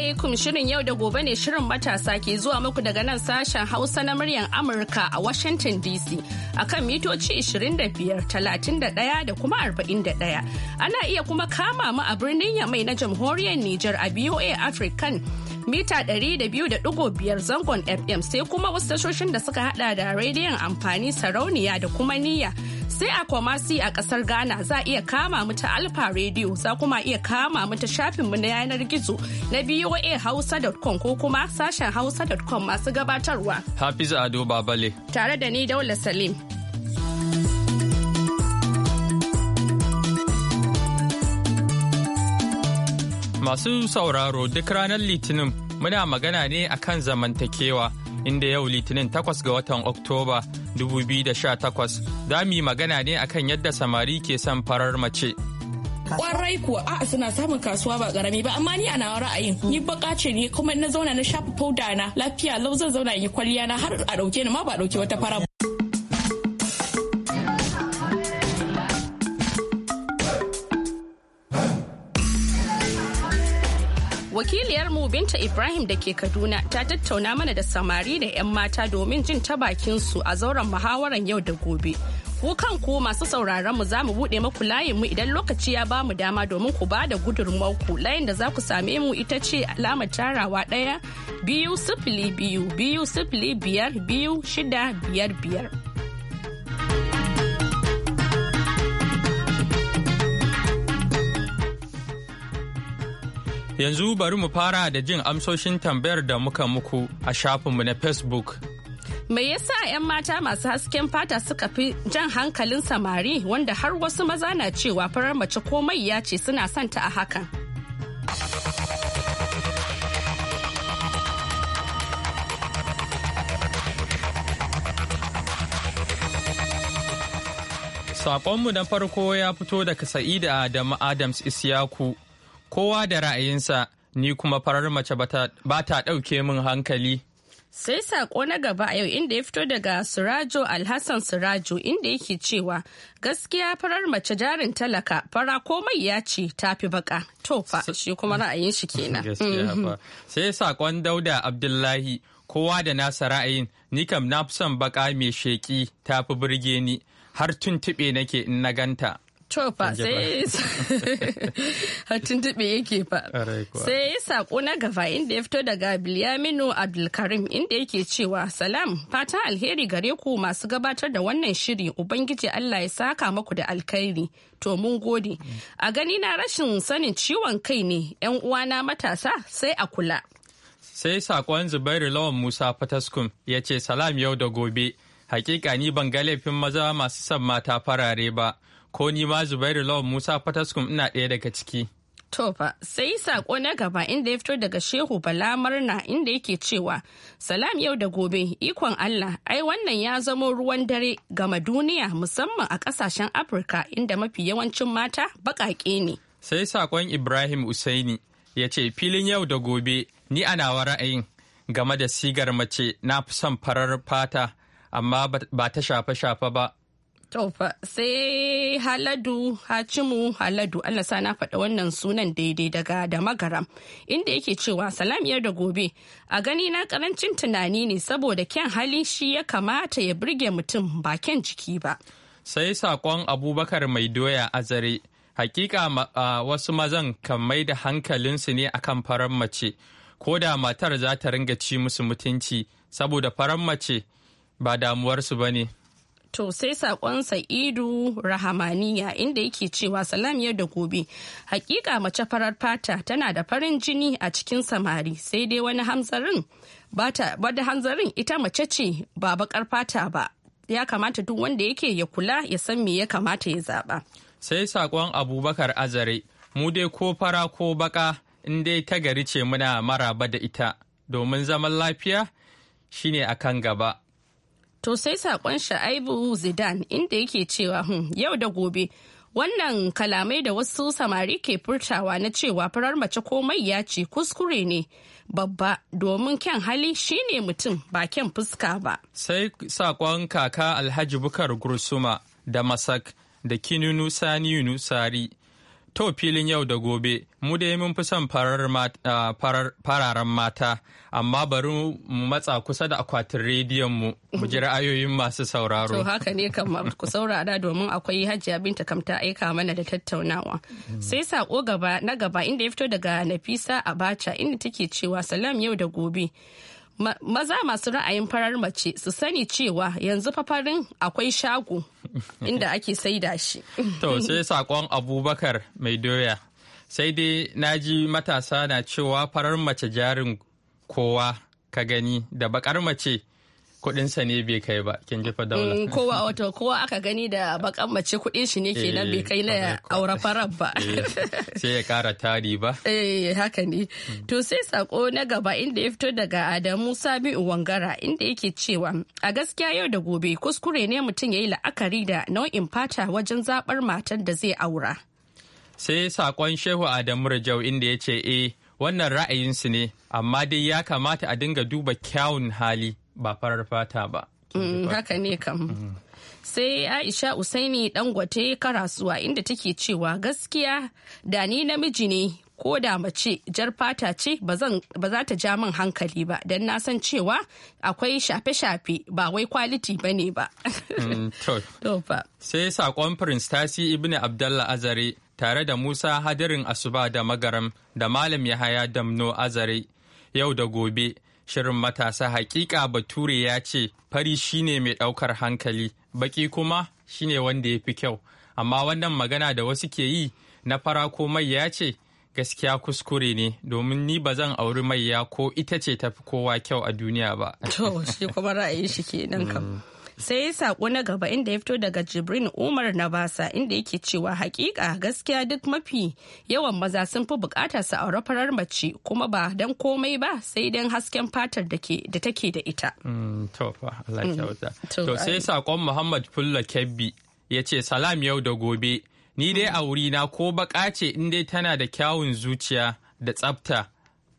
alaikum shirin yau da gobe ne shirin matasa ke zuwa muku daga nan sashen Hausa na muryan Amurka a Washington DC akan mitoci 25, 31 da kuma 41. Ana iya kuma kama mu a birnin Yamai na jamhuriyar Nijar a BOA African. mita 200.5 zangon FM sai kuma wasu tashoshin da suka hada da rediyon amfani sarauniya da kuma niyya sai a kwamasi a kasar Ghana za a iya kama mu ta Alfa Radio za kuma iya kama mu ta mu na yanar gizo na Hausa.com ko kuma sashen hausa.com masu gabatarwa. hafiz Ado Babale. Tare da ni Daula Salim. Masu sauraro duk ranar Litinin muna magana ne akan zamantakewa inda yau Litinin takwas ga watan Oktoba 2018 za mu yi magana ne akan yadda samari ke son farar mace. kwarai kuwa a'a suna samun kasuwa ba karami ba amma ni a nawa ra'ayin ni baka ce ne kuma na zauna na shafa fauda na lafiya lau zan zauna yi kwalliya na har a dauke ni ma ba dauke wata fara wakiliyar mu binta ibrahim da ke kaduna ta tattauna mana da samari da 'yan mata domin jin ta bakinsu a zauren muhawaran yau da gobe ku kanku masu sauraron mu za mu buɗe maku layin mu idan lokaci ya bamu dama domin ku bada gudunmuwar ku layin da za ku same mu ita ce alamar tarawa ɗaya biyu sifili biyu biyu sifili biyar biyu shida biyar biyar. Yanzu bari mu fara da jin amsoshin tambayar da muka muku a shafinmu na Facebook. Me yasa 'yan mata masu hasken fata suka fi jan hankalin samari wanda har wasu maza na cewa farar mace komai ya ce suna son a hakan. Saƙonmu na farko ya fito daga Sa'ida Adamu Adams Isyaku kowa da ra'ayinsa ni kuma farar mace ba ta ɗauke min hankali. Sai saƙo na gaba a yau inda ya fito daga Surajo Alhassan Surajo inda yake cewa gaskiya farar mace jarin talaka fara komai ya ce tafi baka to fa shi kuma ra'ayin shi kenan. Mhm. Sai saƙon Dauda Abdullahi kowa da nasa ra'ayin ni kam na fi son baka mai sheƙi fi birge ni har tuntuɓe nake in na ganta. To fa sai hatun tuɓe yake fa. Sai saƙo na gaba inda ya fito daga Bilyaminu Abdulkarim inda yake cewa salam fatan alheri gare ku masu gabatar da wannan shiri Ubangiji Allah ya saka maku da alkhairi. To mun gode. A gani na rashin sanin ciwon kai ne 'yan uwana matasa sai a kula. Sai saƙon Zubairu Lawan Musa Fataskum ya ce salam yau da gobe. Hakika ni ban ga laifin maza masu son mata farare ba. ko ni ma Zubairu Lawan Musa Fataskum ina ɗaya daga ciki. To fa sai sako na gaba inda ya fito daga Shehu Bala Murna inda yake cewa salam yau da gobe ikon Allah ai wannan ya zamo ruwan dare gama duniya musamman a ƙasashen Afirka inda mafi yawancin mata baƙaƙe ne. Sai saƙon Ibrahim Usaini ya ce filin yau da gobe ni ana wa ra'ayin game da sigar mace na fi son farar fata amma ba ta shafe-shafe ba Tofa sai Haladu Hacimu Haladu Allah sa na faɗa wannan sunan daidai daga da magaram inda yake cewa salamiyar da gobe a gani na karancin tunani ne saboda kyan hali shi ya kamata ya burge mutum ba kyan jiki ba. Sai sakon Abubakar mai doya a azare hakika wasu mazan kan mai da hankalinsu ne akan farar mace ko da matar za ta ringa ci musu mutunci saboda farar mace ba damuwarsu ba ne. To sai sakon Sa'idu Rahamaniya inda yake cewa salam yau da gobe. Hakika mace farar fata tana da farin jini a cikin samari sai dai wani hanzarin. bada hanzarin ita mace ce ba bakar fata ba. Ya kamata duk wanda yake ya kula ya san me ya kamata ya zaba. Sai sakon Abubakar Azare, mu dai ko fara ko baka in dai ta gari ce muna ba da ita domin zaman lafiya shine akan gaba. To sai saƙon Sha'aibu zidan inda yake cewa hmm, yau da gobe wannan kalamai da wasu samari ke furtawa na cewa farar mace komai ya ce kuskure ne babba domin kyan hali shine mutum ba kyan fuska ba. Sai saƙon kaka Alhaji Bukar Gursuma da Masak da Kinunu Sani Yunusari To filin yau da gobe, mu dai mun fi son fararen mata, amma bari mu matsa kusa da akwatin rediyon mu mu ji ra'ayoyin masu sauraro. To haka ne kamar ku saurara domin akwai hajiya binta kamta aika mana da tattaunawa. Sai sako gaba na gaba inda ya fito daga Nafisa Abacha inda take cewa salam yau da gobe. maza masu ra'ayin farar mace su sani cewa yanzu fafarin akwai shago inda ake saida shi. to sai sakon abubakar mai doya sai dai na ji matasa na cewa farar mace jarin kowa ka gani da bakar mace sa ne bai kai ba kin jefa daula mm, kowa wato kowa aka gani da bakan mace kudin shi ne kenan bai eh, kai na aura farar ba eh, sai ya kara tari ba eh haka ne mm. to sai sako na gaba inda ya fito daga Adamu Sabi Wangara inda yake cewa a gaskiya yau da gobe kuskure ne mutum yayi la'akari da nau'in fata wajen zabar matar da zai aura sai sakon Shehu Adamu Rajau inda ya ce eh wannan ra'ayinsu ne amma dai ya kamata a dinga duba kyawun hali ba farar fata ba. Mm, haka ne kam. Mm. Sai Aisha Usaini Dangote karasuwa inda take cewa gaskiya da ni namiji ne ko da mace jar fata ce ba za ta ja min hankali ba don na san cewa akwai shafe-shafe ba wai kwaliti ba ne ba. Mm, Sai saƙon Prince Tasi Ibn Abdallah Azare tare da Musa Hadirin Asuba da Magaram da Malam Yahaya Damno Azare yau da gobe. Shirin matasa hakika Bature ya ce fari shine mai ɗaukar hankali, baki kuma shine wanda ya fi kyau. Amma wannan magana da wasu ke yi na fara ko mai ya ce gaskiya kuskure ne domin ni ba zan auri mai ya ko ita ce tafi kowa kyau a duniya ba. To, shi kuma ra'ayin shi kenan kam. Mm. sai saƙo na gaba inda ya fito daga jibrin umar na basa inda yake cewa hakika gaskiya duk mafi yawan maza sun fi bukatar su aure farar mace kuma ba don komai ba sai dan hasken fatar da take da ita mm, mm, to sai sakon muhammad fulla kebbi ya ce salam yau da gobe ni dai a wurina ko baka ce in dai tana da kyawun zuciya da tsafta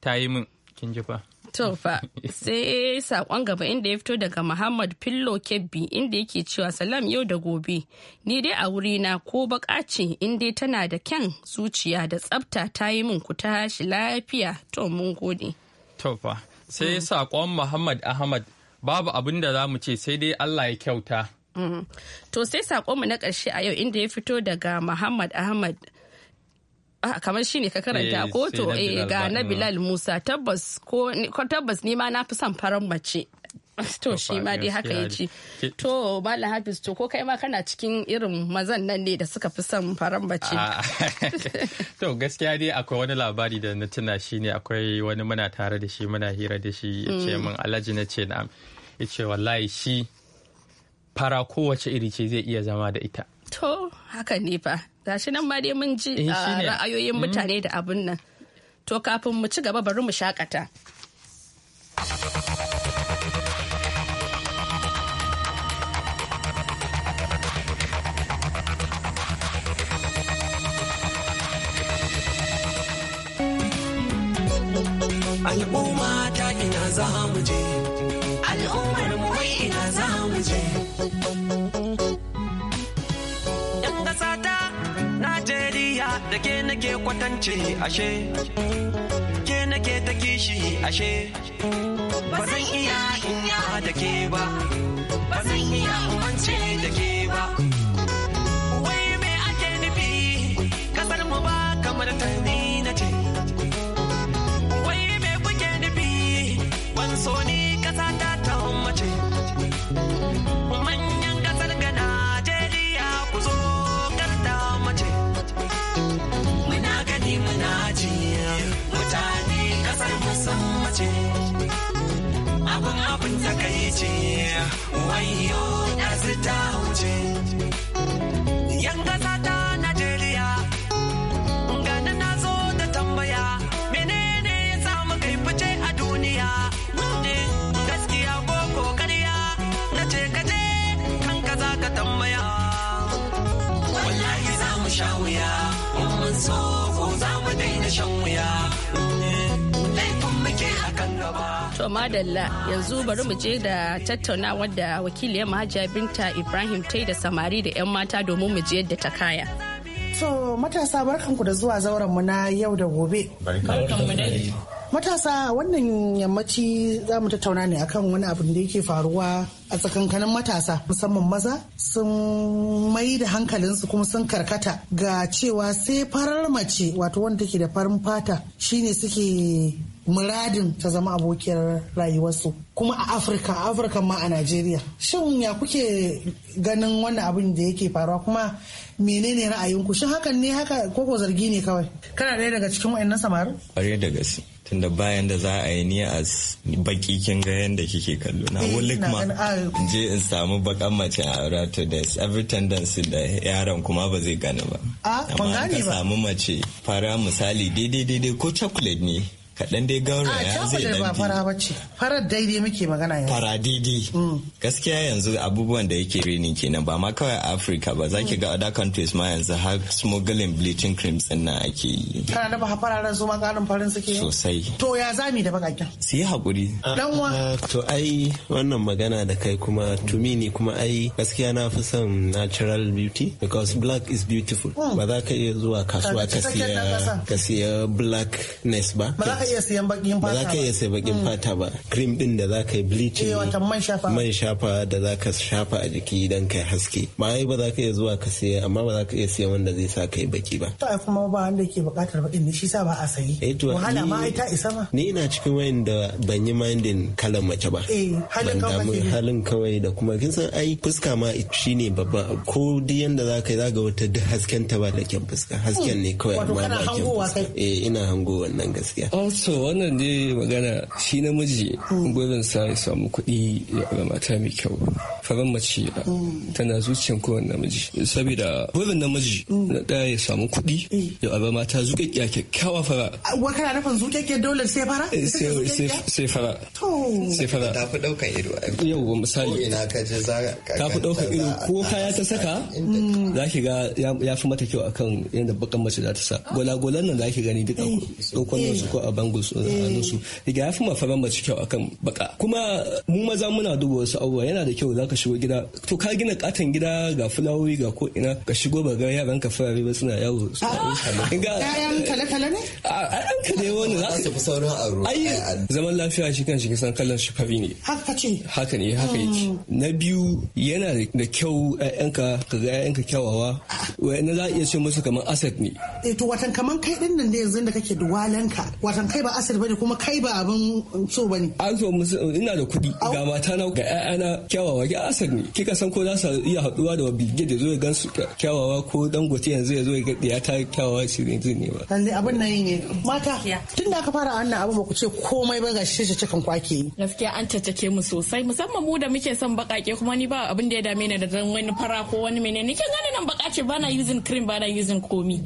ta yi min kin ji fa To sai saƙon gaba inda ya fito daga Muhammad Fillo Kebbi inda yake cewa salam yau da gobe. Ni dai a wuri na ko baƙa ce in dai tana da kyan zuciya da tsafta ta yi min ku tashi lafiya to mun gode. To fa sai saƙon Muhammad Ahmad babu abin da za mu ce sai dai Allah ya kyauta. Mm-hmm. To sai saƙonmu na ƙarshe a yau inda ya fito daga Muhammad Ahmad Ah, kamar shine ka karanta eh, ko to eh ga na mm. Bilal Musa tabbas ko tabbas ni ma na fi son faran mace to shi ma dai haka ya ce to malam hafiz to ko kai ma kana cikin irin mazan nan ne da suka fi son faran bace ah, to gaskiya dai akwai wani labari da na tuna shi ne akwai wani muna tare da shi muna hira da shi ya ce mm. min alhaji na ce na'am ya ce wallahi shi fara kowace iri ce zai iya zama da ita to haka ne fa gashi nan ma dai mun ji eh, ah, ra'ayoyin mm. mutane da abin nan to kafin mu ci gaba bari mu shakata Al'umma ta ina za mu je, al'ummar mu ina za mu je. da ke nake kwatance ashe ke nake ta kishi ashe ba zan iya inya da ke ba ba zan iya umance da ke ba wai me ake nufi kasar mu ba kamar tani. wayo da su wuce To madalla yanzu bari mu je da tattaunawar da wakiliyar Hajiya Binta Ibrahim ta da samari da 'yan mata domin mu je da ta kaya. So, matasa barkanku da zuwa zauren mu na yau da gobe. Matasa wannan yammaci za mu tattauna ne akan wani abin da yake faruwa a tsakankanin matasa musamman maza sun mai da hankalinsu kuma sun karkata ga cewa sai farar mace wato wanda take da farin fata shine suke muradin ta zama abokiyar rayuwarsu kuma a afirka afirka ma a najeriya shin ya kuke ganin wannan abin da yake faruwa kuma menene ra'ayinku shin hakan ne haka koko zargi ne kawai kana ɗaya daga cikin wayannan samarin ƙwarai da gaske tunda bayan da za a yi ni a baki kin ga yadda kike kallo na eh, wulik ma ah, je in samu bakan mace a rato da every tendency da yaron kuma ba zai gane ba ah, amma ka samu mace fara misali daidai daidai ko chocolate ne kaɗan dai gauraya zai ɗan ba fara ba ce farar daidai muke magana yanzu fara daidai mm. gaskiya yanzu abubuwan da yake renin kenan ba ma kawai afirka ba za ki mm. ga other countries ma yanzu har smuggling bleaching creams din nan ake yi kana da ba fararen su ma ƙarin farin suke sosai to ya zami da bakakken su yi haƙuri dan wa to ai wannan magana da kai kuma tumi ne kuma ai gaskiya na fi son natural beauty because black is beautiful mm. ba za ka iya zuwa kasuwa ka siya blackness ba iya siyan bakin fata ba za ka iya siyan bakin hmm. fata ba cream din da za ka yi bleaching eh, man shafa man shafa da za ka shafa a jiki idan kai haske ba ai ba za ka iya zuwa ka siya amma ba za ka iya siyan wanda zai sa kai baki ba to ai kuma ba wanda yake bukatar bakin ne shi sa ba a sayi eh to wahala ma ai ta isa ma ni ina cikin da ban yi mindin kalan mace ba eh halin kawai halin kawai da kuma kin san ai fuska ma shine babban abu ko duk yanda za ka yi za ga wata duk hasken ta ba da kyan fuska hasken ne kawai amma ba kyan fuska eh ina hango wannan gaskiya eh, so wannan dai magana shi namiji gurin sa ya samu kuɗi ya mata mai kyau faran mace tana zuciyan kowane namiji saboda burin namiji na ɗaya ya samu kuɗi ya aure mata zuƙaƙƙiya kyakkyawa fara wa kana nufin zuƙaƙƙiya dole sai fara eh, sai fara sai fara ta fi ɗaukar ido yau misali ta fi ɗaukar ido ko kaya ta saka mm. za ki ga ya fi mata kyau akan yadda bakan mace za ta sa gwalagwalan nan za ki gani duk nan eh. su ko eh. a bangles a su rigakafin ma fara mace kyau akan baka kuma mu maza muna duba wasu abubuwa yana da kyau za ka shigo gida to ka gina katon gida ga fulawoyi ga ko ina ka shigo ba ga yaran ka farare ba suna yawo su ga yayan kale kale ne a an ka dai wani za su fi sauran aro ai zaman lafiya shi kan shi san kallon shi fari ne haka ce haka ne haka yake mm. na biyu yana da kyau ƴaƴanka ka ga ƴaƴanka kyawawa wai na za a iya ce musu kamar asset ne eh to watan kamar kai din nan da yanzu da kake duwalanka watan kai ba asir bane kuma kai ba abin so bane an so musu ina da kuɗi ga mata na ga ƴaƴana kyawawa ga asir ne kika san ko za su iya haɗuwa da wabi da zo ya gansu kyawawa ko dangote yanzu ya zo ya ga ta kyawawa shi ne ne ba dai abin nan ne mata tun da aka fara wannan abin ba ku ce komai ba ga shi cikin kwake yi gaskiya an tattake mu sosai musamman mu da muke son bakake kuma ni ba abin da ya dame ni da dan wani fara ko wani menene kin gane nan baka ce bana using cream bana using komi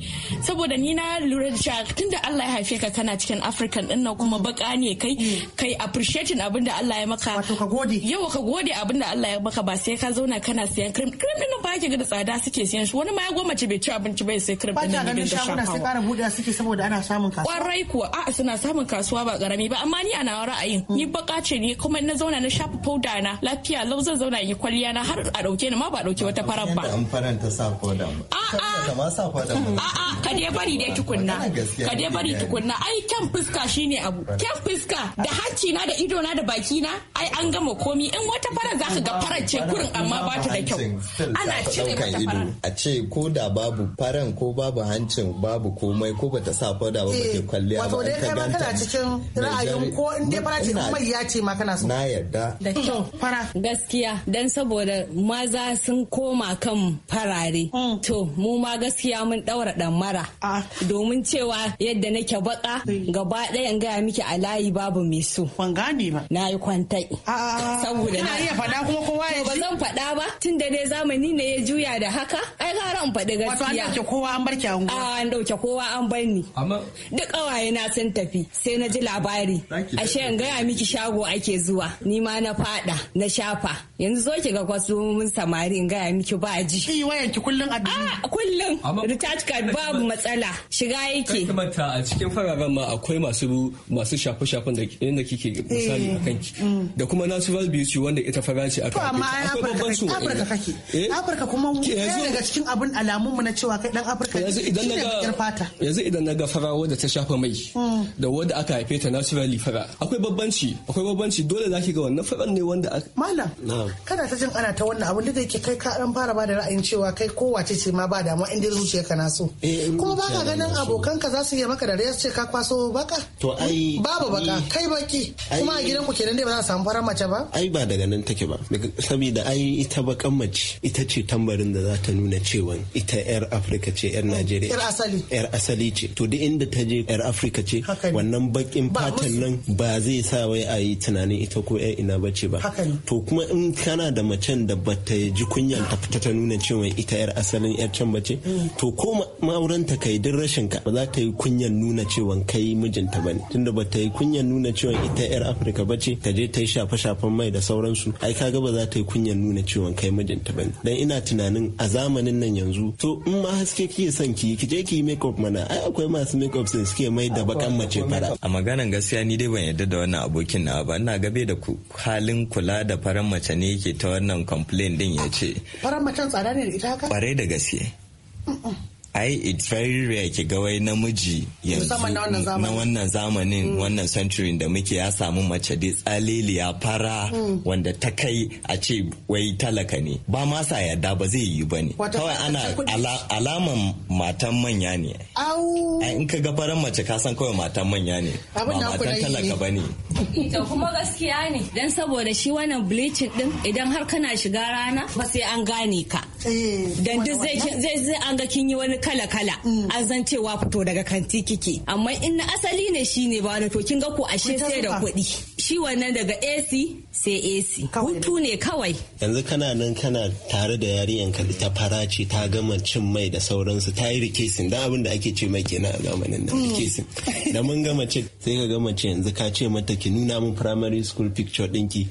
saboda ni na lura da tunda Allah ya haife ka kana cikin african din nan kuma baka ne kai mm. kai appreciating abin da Allah ya maka wato ka gode yawa ka gode abin da Allah ya maka ba sai ka zauna kana siyan cream cream din ba ki ga da tsada suke siyan shi wani ma ya ci bai ci abinci bai sai cream din nan da shaguna sai kara buɗe suke saboda ana samun kasuwa kwarai kuwa a'a suna samun kasuwa ba karami ba amma ni ana ra'ayin ni mm. baka ce ne kuma na zauna na shafa powder na lafiya lau zan zauna yi kwalliya na har a dauke ni ma ba dauke wata farar ba an faranta sa powder a'a a'a ka dai bari dai tukunna ka dai bari tukunna ai fi fuska shine abu kyan fuska da hanci na da ido na da baki na ai an gama komi in wata fara za ka ga fara ce kurin amma ba ta da kyau ana cire mata ido a ce ko da babu faran ko babu hancin babu komai ko bata sa fada ba bata eh, kwalliya ba kai ganta kana cikin ra'ayin ko in dai fara ce kuma ya ce ma kana so na yarda da kyau fara gaskiya dan saboda maza sun koma kan farare mm. to mu ma gaskiya mun daura dan mara ah. domin cewa yadda nake baka gaba gaba ɗaya in gaya miki a layi babu mai so. Ban gane ba. Na yi kwantai. Saboda na. iya faɗa kuma kowa ya Ba zan faɗa ba tun da dai zamani ne ya juya da haka. Ai gara in faɗi gaskiya. Wato an ɗauke kowa an bar ki an A an ɗauke kowa an bar ni. Amma. Duk ƙawaye na sun tafi sai na ji labari. Ashe in gaya miki shago ake zuwa. Ni ma na faɗa na shafa. Yanzu zo ki ga kwasu mun samari in gaya miki ba ji. Ki wayan ki kullum a A kullum. Recharge card babu matsala. Shiga yake. Kuma a cikin fararen ma akwai masu masu shafe-shafen da inda kike misali eh, a kanki mm. da kuma natural beauty wanda ita fara ce kanki amma afirka kake eh? afirka kuma daga cikin abin alamun mu na cewa kai dan afirka yanzu idan naga yanzu idan naga fara wanda ta shafa mai mm. da wanda aka haife ta naturally fara akwai babbanci akwai babbanci dole zaki ga wannan faran ne wanda aka malam kana ta jin ana ta wannan abin da yake kai ka dan fara ba da ra'ayin cewa kai kowace ce ma ba damuwa inda zuciyarka na so eh, kuma baka ganin abokanka za su yi maka da rayuwar ce ka kwaso baka baka to ai babu baka kai baki kuma a gidan ku kenan dai ba za a samu farar mace ba ai ba daga nan take ba saboda ai ita bakan mace ita ce tambarin da za ta nuna cewa ita yar Afrika ce yar najeriya yar asali yar asali ce to duk inda ta je yar Afrika ce wannan bakin fatan nan ba zai sa wai a yi tunanin ita ko yar ina ba ce ba to kuma in kana da macen da ba ta ji kunyan ta fita ta nuna cewa ita yar asalin yar can ba ce mm. to ko ma'auranta kai duk rashin ka ba za ta yi kunyan nuna cewa kai mijin ta bane tunda ba ta yi kunyan nuna cewa ita yar afirka ba ce ta je ta yi shafe-shafen mai da sauransu ai kaga ba za ta yi kunyan nuna cewa kai mijinta bane dan ina tunanin a zamanin nan yanzu to in ma haske kike son ki ki je ki yi makeup mana ai akwai masu makeup sai suke mai da bakan mace fara a maganan gaskiya ni dai ban yarda da wannan abokin na ba ina gabe da ku halin kula da faran mace ne yake ta wannan complain din ya ce faran macen tsada ne da ita haka kwarai da gaske ai it's very rare ki ga wai namiji yanzu na wannan zamanin mm. wannan century da muke ya samu mace dai tsaliliya fara mm. wanda ta kai a ce wai talaka ne ba ma sa yadda ba zai yi ba ne kawai ana alaman matan manya ne in ka ga faran mace ka san kawai matan manya ne ba matan talaka ba ne to kuma gaskiya ne dan saboda shi wannan bleaching din idan har kana shiga rana ba sai an gane ka Eh, dan duk zai zai an ga kin yi wani kala kala mm. an zan cewa fito daga kanti kike amma in na asali ne shine ba wani to kin ga ko ashe sai da kuɗi shi wannan daga AC sai AC hutu ne kawai yanzu kana nan kana tare da yari ka ta farace ta gama cin mai da sauransu ta yi rikesin da abin da ake ce mai kenan a zamanin nan mm. rikesin da mun gama ce sai ka gama ce yanzu ka ce mata ki nuna min primary school picture ɗinki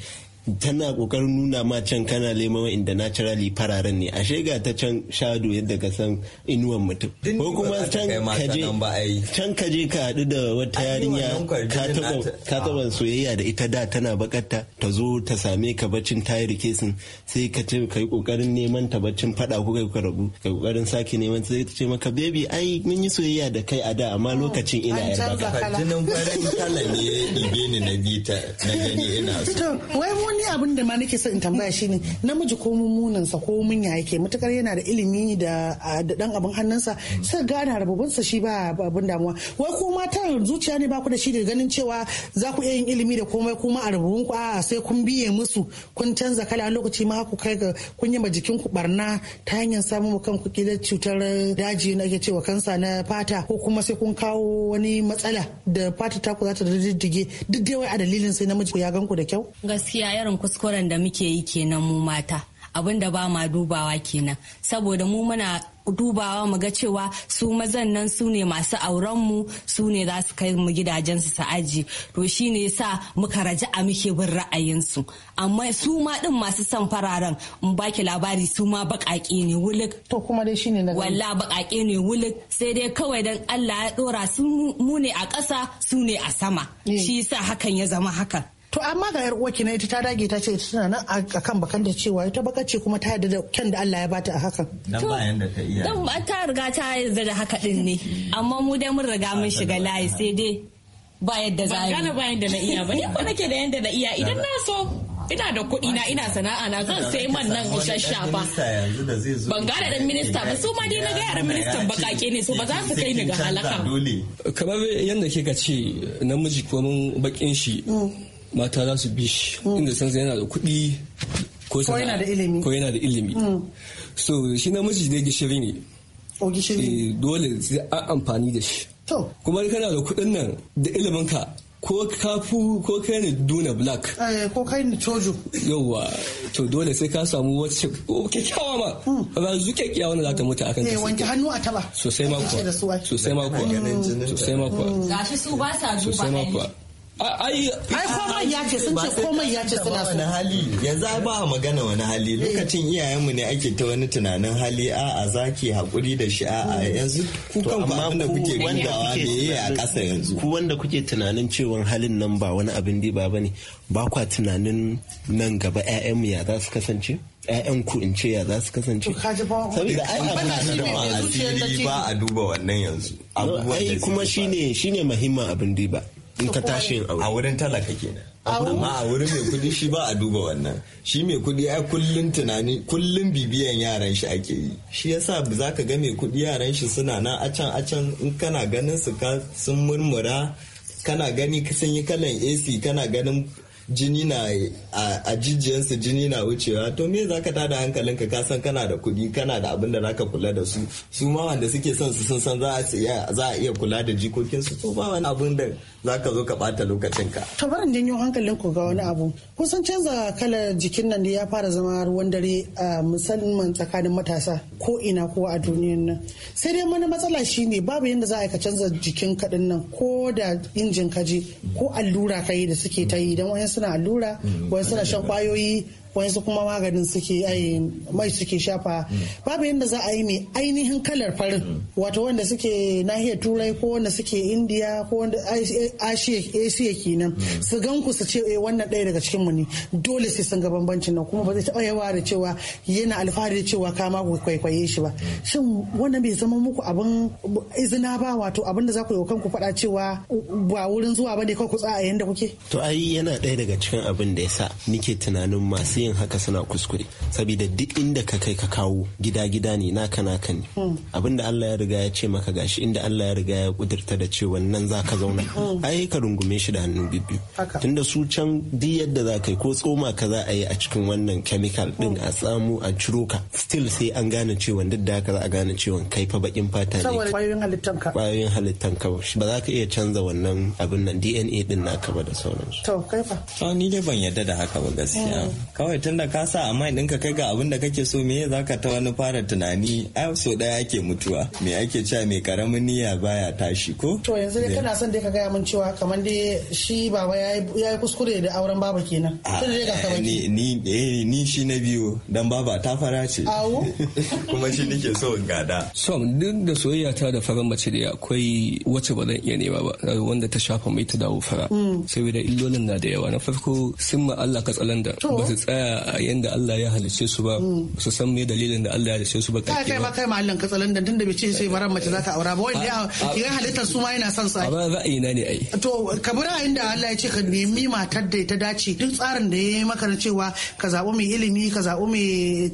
tana kokarin nuna ma can kana lema inda naturally fararen ne ashe ga ta can shado yadda ka san inuwan mutum ko kuma can kaje can kaje ka hadu da wata yarinya ka taba ah. soyayya da ita da tana bakatta ta zo ta same ka baccin tayi rikesin sai ka ce kai kokarin neman ta baccin fada ko kai rabu kai kokarin sake neman sai ta ce maka baby ai mun yi soyayya da kai a da amma oh, lokacin ina yar baka jinin farin kala ne ya ibe ni na bita na gani ina so wani abin da ma nake so in tambaya shine namiji ko mummunan sa ko mun yake matukar yana da ilimi da da dan abin hannunsa sai gana rababun sa shi ba abin damuwa wai ko mata zuciya ne ba ku da shi da ganin cewa za ku iya yin ilimi da komai kuma a rababun ku a sai kun biye musu kun canza kala lokaci ma ku kai ga kun yi ma jikin ku barna ta hanyar samun kanku kila cutar daji na ke cewa kansa na fata ko kuma sai kun kawo wani matsala da fata ta ku za ta diddige duk dai wai a dalilin sai namiji ku ya gan ku da kyau gaskiya irin kuskuren da muke yi kenan mu mata abin da ba ma dubawa kenan saboda mu muna dubawa mu ga cewa su mazan nan su ne masu auren mu su ne za su kai mu gidajen su aji to ne sa muka raji a muke bin ra'ayinsu amma su ma din masu son fararen in baki labari su ma bakake ne wulik to kuma dai shine na walla bakake ne wulik sai dai kawai dan Allah ya dora su mu ne a ƙasa su ne a sama eh. shi yasa hakan ya zama hakan to amma ga yar uwarki na ita ta dage ta ce tana nan akan bakan da cewa ita baka ce kuma ta yarda da kyan da Allah ya bata a hakan dan ba yanda ta iya dan ba ta riga ta yarda da haka din ne amma mu dai mun riga mun shiga layi sai dai ba yadda za gane ba yanda na iya ba ni ko nake da yadda na iya idan na so ina da kuɗi na ina sana'a na zan sai man nan ba ban gane dan minista ba su ma dai na ga yaran ministan bakake ne so ba za su kai ni ga halaka kamar yadda kika ce namiji ko mun bakin shi mm. mata za su bi shi mm. inda san yana da kuɗi ko yana da ilimi ko yana da ilimi mm. so shi na miji ne gishiri ne o gishiri eh, dole sai a amfani da shi To. kuma kana da kuɗin nan da ilimin ka ko kafu ko kai ne duna black eh, ko kai ne cojo yawa to dole sai ka samu wacce kyakkyawa ma mm. ba zu kyakkyawa wanda za ta mutu akan eh wanke hannu a taba sosai ma kuwa sosai ma kuwa sosai ma ko gashi su ba sa duba sosai ai komai ya ce sun ce komai ya ce suna wani hali yanzu ai ba magana wani hali eh. lokacin iyayenmu ne ake ta wani tunanin hali a a zaki hakuri da shi a a yanzu ku kan ku abin da kuke gwandawa me yi a ƙasa yanzu ku wanda kuke tunanin cewa halin nan ba wani abin diba bane ba kwa tunanin nan gaba ƴaƴanmu ya za su kasance ƴaƴan ku in ce ya za su kasance saboda ai abin da ba a duba wannan yanzu abubuwan da kuma shine shine muhimmin abin diba in ka tashi a wurin talaka kenan amma a wurin mai kudi shi ba a duba wannan shi mai kudi ai kullun tunani kullun bibiyan yaran shi ake yi shi yasa za ka ga mai kudi yaran shi suna nan a can a can in kana ganin su ka sun murmura kana gani sun yi kalan AC kana ganin jini na a jijiyansu jini na wucewa to me zaka da hankalin ka san kana da kuɗi kana da abin da zaka kula da su su ma wanda suke son su sun san za a iya kula da jikokinsu to ba wani abin da zaka zo ka bata lokacin ka to barin janyo hankalin ku ga wani abu kusan canza kalar jikin nan ya fara zama ruwan dare a musamman tsakanin matasa ko ina ko a duniyan nan sai dai wani matsala shi ne babu yadda za a ka canza jikin kaɗin nan ko da injin kaji ko allura ka yi da suke ta yi don wayan suna allura mm, wasu suna shan kwayoyi wayansu kuma maganin suke ai mai suke shafa babu yadda za a yi mai ainihin kalar farin wato wanda suke nahiyar turai ko wanda suke indiya ko wanda asia kenan su gan ku su ce eh wannan ɗaya daga cikin mu ne dole sai sun ga bambancin nan kuma ba zai taɓa yawa da cewa yana alfahari cewa kama ku kwaikwaye shi ba shin wannan bai zama muku abin izina ba wato abin da za ku yi kanku faɗa cewa ba wurin zuwa ba ne kawai ku tsaya yanda kuke to ai yana ɗaya daga cikin abin da ya sa nike tunanin masu yin haka suna kuskure saboda duk inda ka kai ka kawo gida gida ne na naka ne hmm. abinda Allah ya riga ya ce maka gashi inda Allah ya riga ya kudurta da cewa nan za ka zauna hmm. Hmm. ai ka rungume shi da hannu bibbiyu tunda su can duk yadda za ka yi ko tsoma ka za a yi a cikin wannan chemical din a samu a ciro ka still sai an gane cewa duk da haka za a gane cewa kai fa bakin fata ne kwayoyin halittanka kwayoyin ba za ka iya canza wannan abin nan DNA din naka ba da sauransu to kai fa ni dai ban yadda da haka ba gaskiya kawai kawai tun da ka sa a mai ɗinka kai ga abin da kake so me za ka ta wani fara tunani ai so ɗaya ake mutuwa me ake cewa mai karamin niyya baya tashi ko. to yanzu dai kana son dai ka gaya min cewa kamar dai shi baba ya yi kuskure da auren baba kenan. tun ah, da ga eh, ni ni eh, ni shi na biyu dan baba ta fara ce. awo. kuma shi nake so in gada. so duk da soyayya ta da fara mace da akwai wacce ba zan iya nema ba wanda ta shafa mai ta dawo fara. Mm. saboda illolin na da yawa na farko sun ma Allah tsalanda. ba su tsaya tsaya yanda Allah ya halice su ba su san me dalilin da Allah ya halice su ba kai kai ma kai mallan ka tsalan dan tunda bai ce sai maran mace zaka aura ba wanda ya ya halitta su ma yana son sa amma ra'ayi na ne ai to ka bura inda Allah ya ce ka nemi matar da ta dace duk tsarin da ya yi maka na cewa ka zaɓi mai ilimi ka zaɓi mai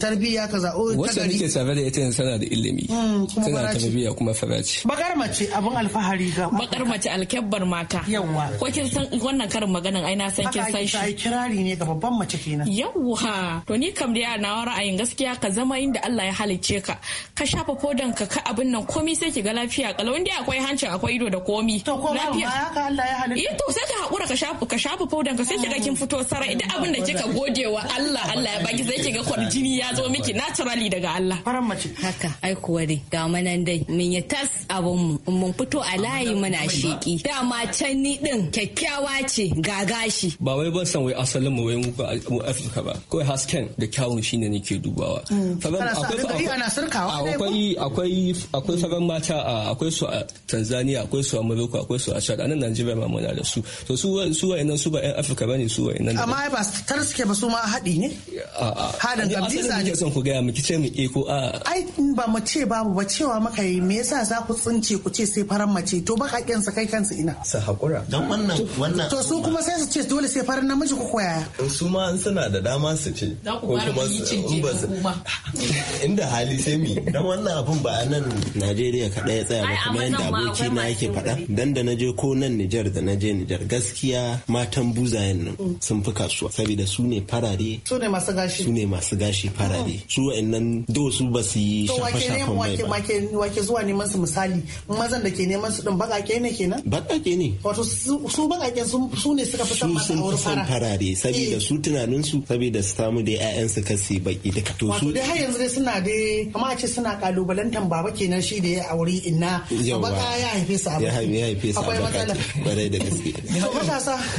tarbiyya ka gari wacce nake tare da ita tana da ilimi hmm, tana tarbiyya kuma farace bakar mace abun alfahari ga bakar mace alkebbar mata yawa ko kin san wannan karin maganan ai na san kin san shi kirari ne ga babban mace kenan yawa yawwa to ni kam da yana ra'ayin gaskiya ka zama inda Allah ya halicce ka ka shafa fodan ka ka abin nan komai sai ki ga lafiya kalau inda akwai hancin akwai ido da komi to ko ya ka Allah ya halicce eh to sai ka hakura ka shafa ka shafa fodan ka sai ki ga kin fito sarai duk abin da kika godewa Allah Allah ya baki sai ki ga kwarjini ya zo miki naturally daga Allah faran mace haka ai kuwa dai ga manan dai min ya tas abun mu mun fito a layi muna sheki dama can ni din kyakkyawa ce ga gashi ba wai ban san wai asalin mu wai mu Afirka haka ba kawai hasken da kyawun shine nake dubawa mm. akwai akwai mata akwai su a Tanzania akwai su a Morocco akwai su a Chad anan Najeriya ma muna da su to su su wayannan su ba yan Afirka bane su wayannan amma ba tar suke ba su ma haɗi ne hadan gambiza ne san ku gaya miki ce mu e ko a ai ba mu ce babu ba cewa maka yi me yasa za ku tsince ku ce sai faran mace to bakaƙen sa kai kansa ina sa hakura dan wannan wannan to su kuma sai su ce dole sai faran namiji ku koya su ma suna da dama su ce ko kuma in ba su inda hali sai mi dan wannan abun ba a nan Najeriya ka ya tsaya ba kuma yadda aboki na yake faɗa dan da naje ko nan Nijar da naje Nijar gaskiya matan buzayen nan mm. sun fi kasuwa saboda su ne farare su ne masu gashi su ne masu gashi farare mm. su wa'annan do su ba su yi shafa-shafan mai ba wake zuwa neman su misali mazan da ke neman su din baƙaƙe ne kenan baƙaƙe ne wato su ke su ne suka fi san farare saboda eh. su tunanin su saboda su samu da ƴaƴansu kasi baki duka to su dai har yanzu dai suna dai kama a ce suna kalubalantan baba kenan shi da ya aure inna baka ya haife su a ya haife su a baka kwarai da gaske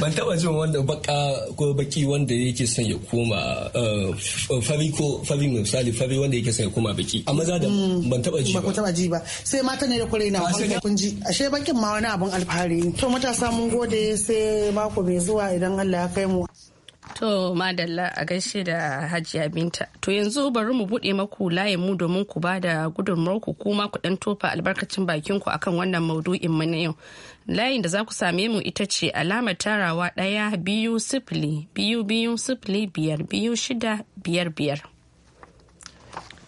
ban taba jin wanda baka ko baki wanda yake son ya koma eh, fari ko fari misali fari wanda yake son ya koma baki a maza da mm. ban taba ji ba ban taba ji ba sai mata ne da kwarai na kun ji ashe bakin ma wani abun alfahari to matasa mun gode sai mako mai zuwa idan Allah ya kai mu To madalla a gaishe da hajiya binta. To yanzu bari mu buɗe maku layinmu mu domin ku ba da ku kuma ku ɗan tofa albarkacin bakinku akan wannan maudu'in mu na yau. Layin da za ku same mu ita ce alamar tarawa ɗaya biyu sifili biyu biyu sifili biyar biyu shida biyar biyar.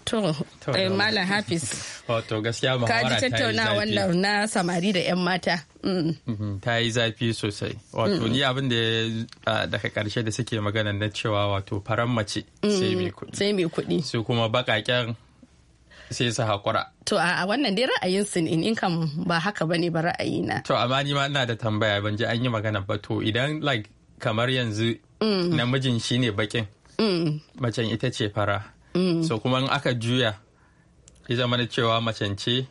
To, eh, Malam Hafiz. Ka ji tattauna wannan na samari da 'yan mata. Mm-hmm. ta yi zafi sosai wato ni abin da daga karshe da suke magana na cewa wato faran mace sai mai kuɗi su kuma baƙaƙen sai su hakura. to a wannan dai ra'ayin su in in kan ba haka bane ba ra'ayina to amma ni ma ina da tambaya ban ji an yi magana ba to idan like kamar yanzu mm. namijin shine baƙin mm. macen ita ce fara mm. so kuma in aka juya ya zama da cewa macen ce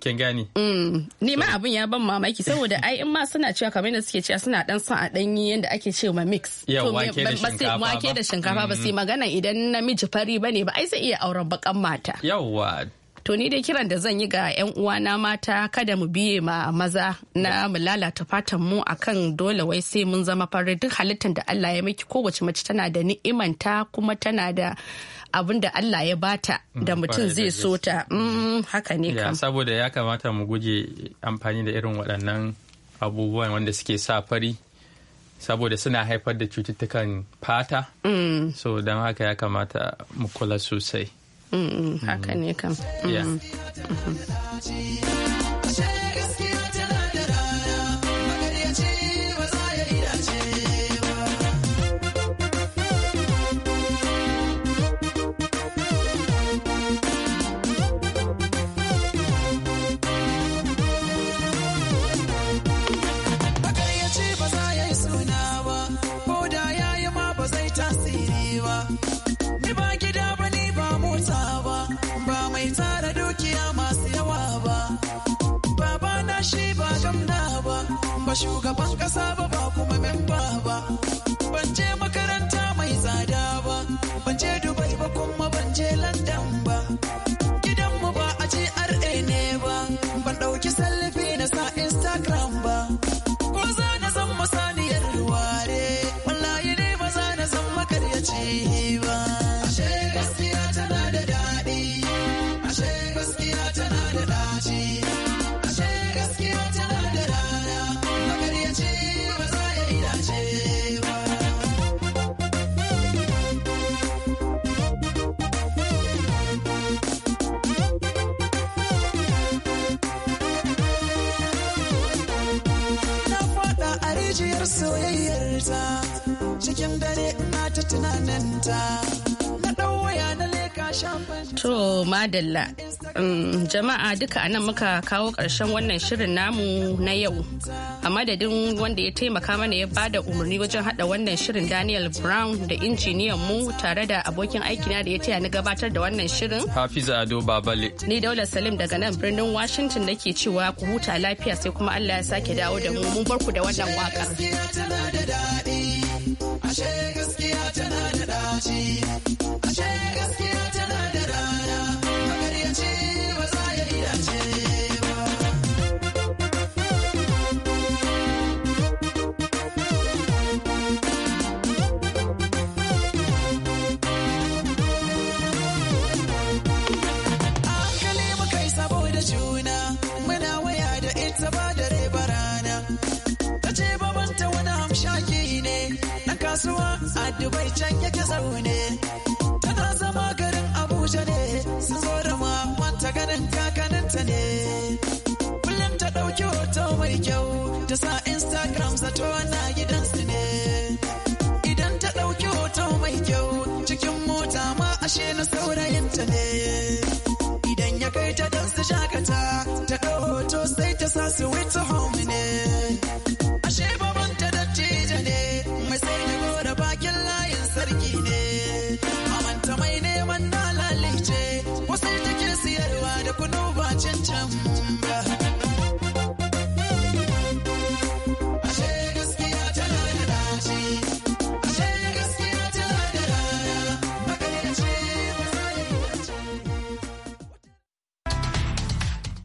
kin gani mm. ni ma abin ya ban mamaki saboda ai in ma suna cewa kamar yadda suke cewa suna dan son a danyi yanda ake ce ma mix to wake da shinkafa ba sai mm. magana idan namiji fari bane ba ai zai iya auren bakan mata yawa to ni dai kiran da zan yi ga 'yan uwana mata kada mu biye ma maza na mu lalata fatan mu akan dole wai sai mun zama fari duk halittar da Allah ya miki kowace mace tana da ni'imanta kuma tana da abin da Allah ya bata mm, da mutum zai so ta mm, haka ne kam saboda ya kamata mu guje amfani da irin waɗannan abubuwan wanda suke sa fari saboda suna haifar da cututtukan fata mm. so don haka ya kamata mu kula sosai mm How can you come? Yeah. Mm-hmm. ba shugaban kasa ba ba kuma memba ba ban ce maka cikin dare ina ta mm, jama'a duka anan muka kawo ƙarshen wannan shirin namu na yau a madadin wanda ya taimaka mana ya bada umarni wajen hada wannan shirin daniel brown da injiniyan mu tare da abokin aikina da ya taya ni gabatar da wannan shirin hafiza ado babale ni daula salim daga nan birnin washington nake cewa ku huta lafiya sai kuma allah ya sake dawo da mu mun barku da wannan waka. da ɗaci, ashe gaskiya tana dubai can yake zaune tana zama garin abuja ne su zo da mamanta ganin kakaninta ne kullum ta ɗauki hoto mai kyau ta sa instagram zato na su ne idan ta ɗauki hoto mai kyau cikin mota ma ashe na saurayinta ne idan ya kai ta don su shakata ta ɗau hoto sai ta sa su wita home